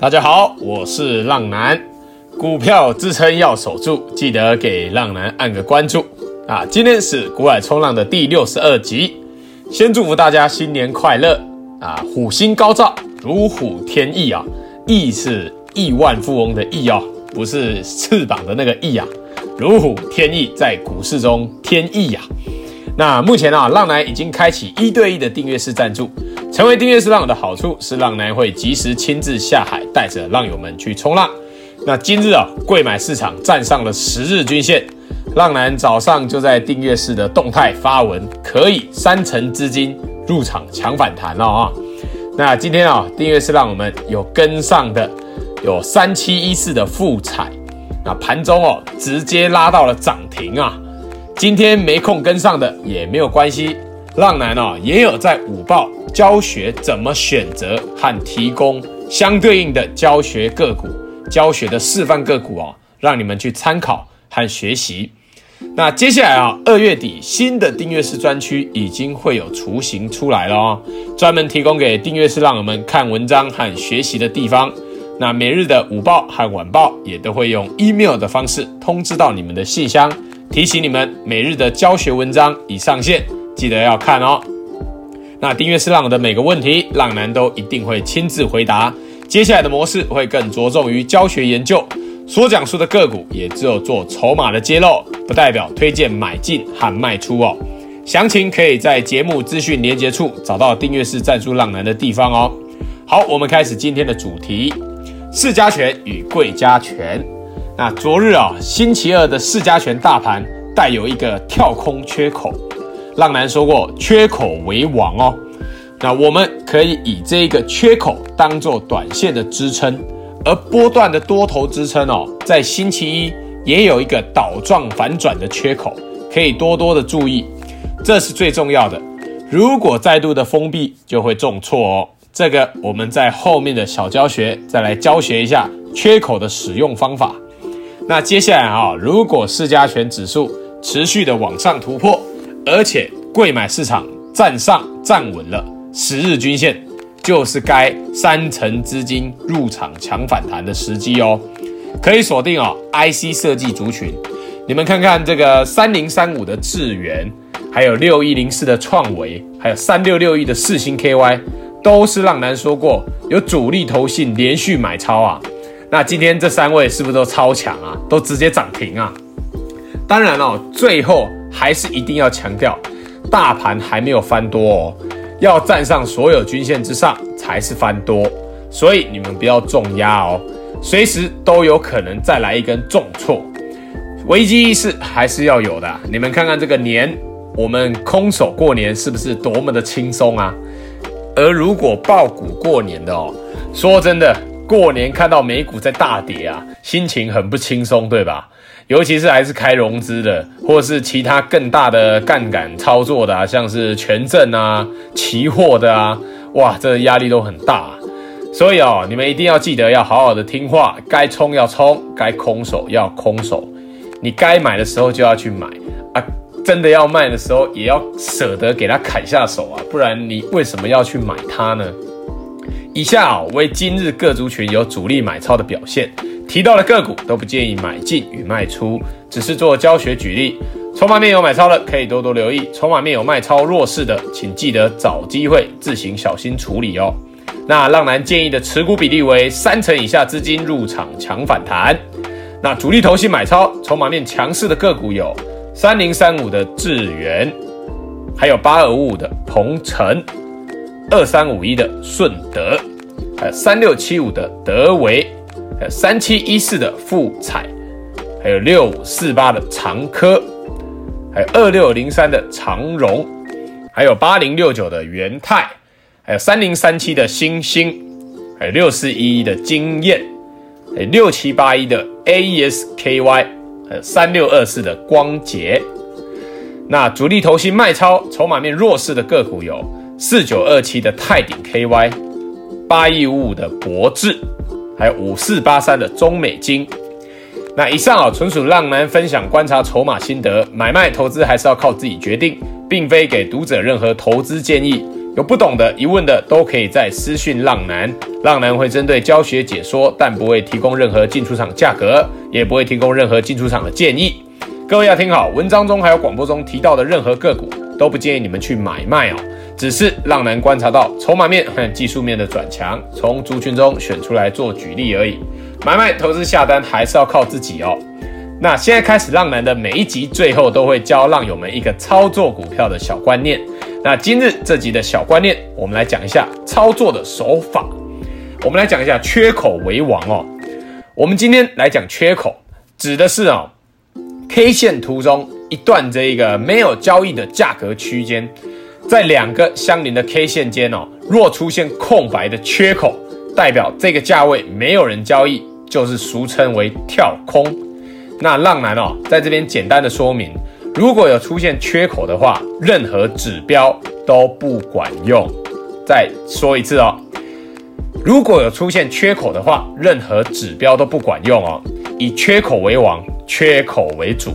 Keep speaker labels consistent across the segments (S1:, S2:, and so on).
S1: 大家好，我是浪男，股票支撐要守住，記得給浪男按個關注啊！今天是股海衝浪的第六十二集，先祝福大家新年快樂啊！虎星高照，如虎添億啊！億是億萬富翁的億哦，不是翅膀的那個翼啊！如虎添億在股市中添億呀、啊。那目前啊，浪男已經開啟一對一的訂閱式贊助。成為訂閱式浪友的好處是，浪男會吉時親自下海，帶着浪友們去衝浪。那今日啊，櫃買市場站上了十日均線，浪男早上就在訂閱式的動態發文，可以三成資金入場搶反彈了、哦、啊。那今天啊，訂閱式浪友們有跟上的，有三七一四的富采，那盤中哦、啊，直接拉到了漲停啊。今天沒空跟上的也沒有關係，浪男哦也有在午報教學怎麼選擇和提供相對應的教學個股，教學的示範個股哦，讓你們去參考和學習。那接下來啊、哦，二月底新的訂閱式專區已經會有雛形出來了哦，專門提供給訂閱式浪友們看文章和學習的地方。那每日的午報和晚報也都會用 email 的方式通知到你們的信箱。提醒你們，每日的教學文章已上線，記得要看哦。那訂閱式浪友的每個問題，浪男都一定會親自回答。接下來的模式會更着重於教學研究，所講述的個股也只有做籌碼的揭露，不代表推薦買進和賣出哦。詳情可以在節目資訊連結處找到訂閱式贊助浪男的地方哦。好，我們開始今天的主題：市加權與櫃加權。那昨日啊、哦，星期二的市加權大盤帶有一個跳空缺口。浪男說過，缺口為王哦。那我們可以以這一個缺口當做短線的支撐，而波段的多頭支撐哦，在星期一也有一個島狀反轉的缺口，可以多多的注意，這是最重要的。如果再度的封閉，就會重挫哦。這個我們在後面的小教學再來教學一下缺口的使用方法。那接下來哈、哦，如果市加權指數持續的往上突破，而且櫃買市場站上站穩了十日均線，就是該三成資金入場搶反彈的時機哦，可以鎖定啊、哦、IC 設計族群。你們看看這個三零三五的智原，還有六一零四的創惟，還有三六六一的世芯 -KY，都是浪男說過有主力投信連續買超啊。那今天這三位是不是都超強啊？都直接漲停啊！當然了、哦，最後還是一定要強調，大盤還沒有翻多哦，要站上所有均線之上才是翻多。所以你們不要重壓哦，隨時都有可能再來一根重挫，危機意識還是要有的、啊。你們看看這個年，我們空手過年是不是多麼的輕鬆啊？而如果抱股過年的哦，說真的。過年看到美股在大跌啊，心情很不輕鬆，對吧？尤其是還是開融資的，或是其他更大的槓桿操作的啊，像是權證啊、期貨的啊，哇，這壓力都很大啊。所以哦，你們一定要記得要好好的聽話，該衝要衝，該空手要空手，你該買的時候就要去買啊，真的要賣的時候也要捨得給他砍下手啊，不然你為什麼要去買它呢？以下、哦、為今日各族群有主力買超的表現，提到的個股都不建議買進與賣出，只是做教學舉例。籌碼面有買超的可以多多留意，籌碼面有賣超弱勢的，請記得找機會自行小心處理哦。那浪男建議的持股比例為三成以下資金入場搶反彈。那主力投信買超籌碼面強勢的個股有三零三五的智原，還有八二五五的朋程。二三五一的順德，還有三六七五的德微，還有三七一四的富采，還有六五四八的長科，還有二六零三的長榮，還有八零六九的元太，還有三零三七的欣興，還有六四一一的晶焱，還有六七八一的 AES-KY，還有三六二四的光頡。那主力投信賣超籌碼面弱勢的個股有。四九二七的泰鼎 KY，八一五五的博智，還有五四八三的中美晶。那以上啊、哦，純屬浪男分享觀察籌碼心得，買賣投資還是要靠自己決定，並非給讀者任何投資建議。有不懂的、疑問的，都可以在私訊浪男，浪男會針對教學解說，但不會提供任何進出場價格，也不會提供任何進出場的建議。各位要聽好，文章中還有廣播中提到的任何個股，都不建議你們去買賣哦。只是浪男觀察到籌碼面和技術面的轉強，從族群中選出來做舉例而已。買賣投資下單還是要靠自己哦。那現在開始，浪男的每一集最後都會教浪友們一個操作股票的小觀念。那今日這集的小觀念，我們來講一下操作的手法。我們來講一下缺口為王哦。我們今天來講缺口，指的是啊、哦，K 線圖中一段這一個沒有交易的價格區間。在兩個相鄰的 K 線間哦，若出現空白的缺口，代表這個價位沒有人交易，就是俗稱為跳空。那浪男哦，在這邊簡單的說明，如果有出現缺口的話，任何指標都不管用。再說一次哦，如果有出現缺口的話，任何指標都不管用哦，以缺口為王，缺口為主。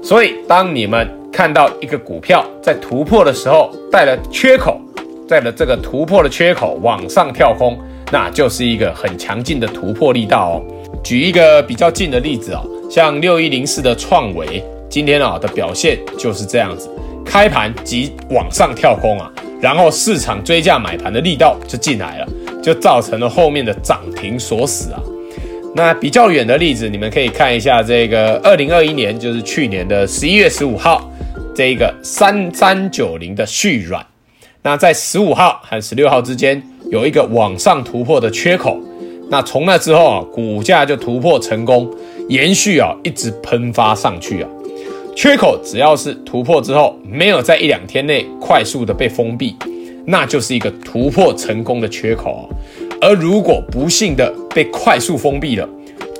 S1: 所以當你們看到一個股票在突破的時候帶了缺口，帶了這個突破的缺口往上跳空，那就是一個很強勁的突破力道哦。舉一個比較近的例子啊、哦，像六一零四的創惟，今天啊的表現就是這樣子，開盤即往上跳空啊，然後市場追價買盤的力道就進來了，就造成了後面的漲停鎖死啊。那比較遠的例子，你們可以看一下這個二零二一年，就是去年的十一月十五號。這一個三三九零的旭軟，那在十五號和十六號之間有一個往上突破的缺口，那從那之後啊，股價就突破成功，延續啊一直噴發上去啊。缺口只要是突破之後沒有在一兩天內快速的被封閉，那就是一個突破成功的缺口啊，而如果不幸的被快速封閉了，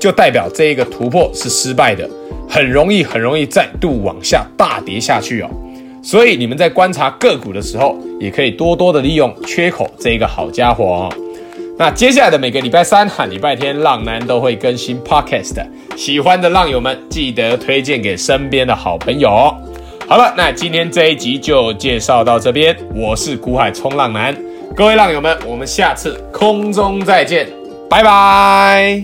S1: 就代表這一個突破是失敗的，很容易很容易再度往下大跌下去哦。所以你們在觀察個股的時候，也可以多多的利用缺口這一個好家伙哦。那接下來的每個禮拜三哈、啊、禮拜天，浪男都會更新 Podcast，喜歡的浪友們記得推薦給身邊的好朋友。好了，那今天這一集就介紹到這邊，我是股海衝浪男，各位浪友們，我們下次空中再見，拜拜。